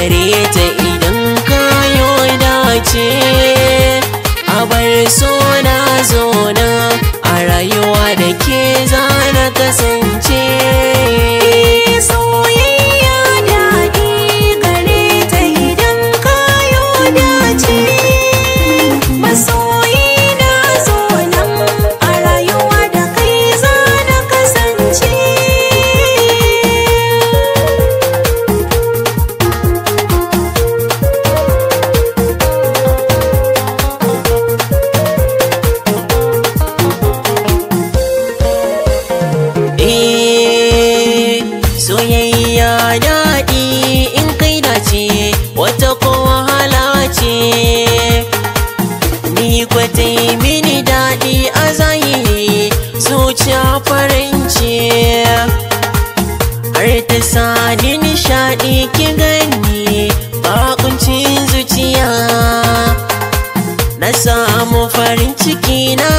gare ta soyayya daɗi in kai dace wata ko wahala ce ni kwata mini daɗi a zahiri zuciya farin ce har ta ni nishaɗi ki gani bakuncin zuciya na samu farin ciki na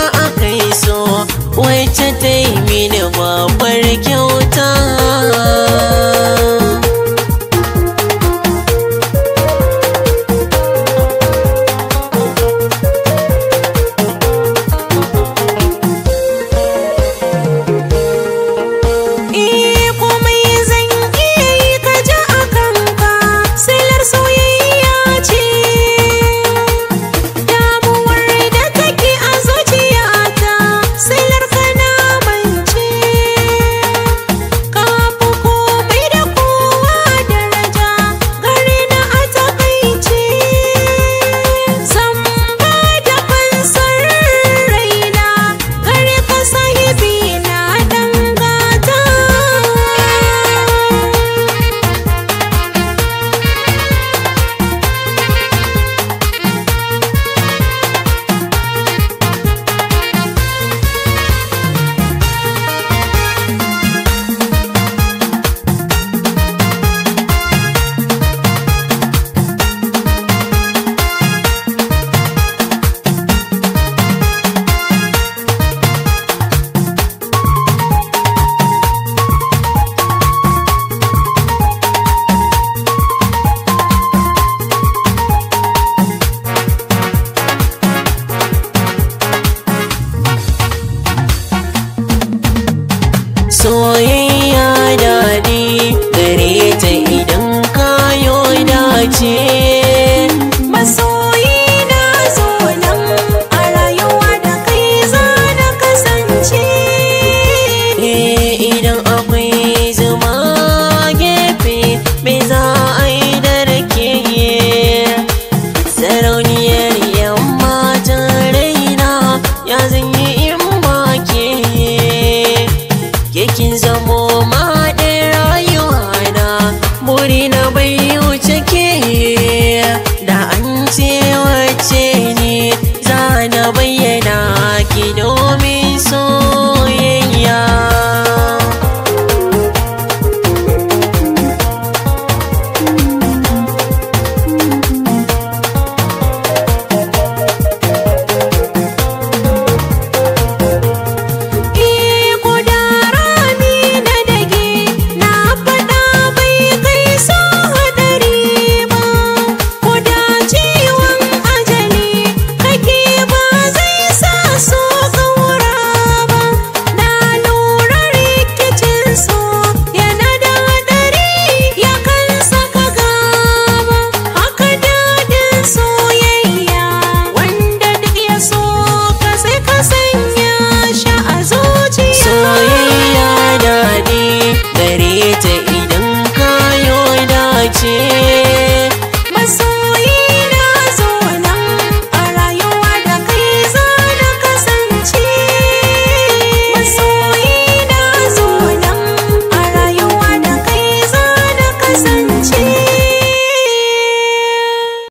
结。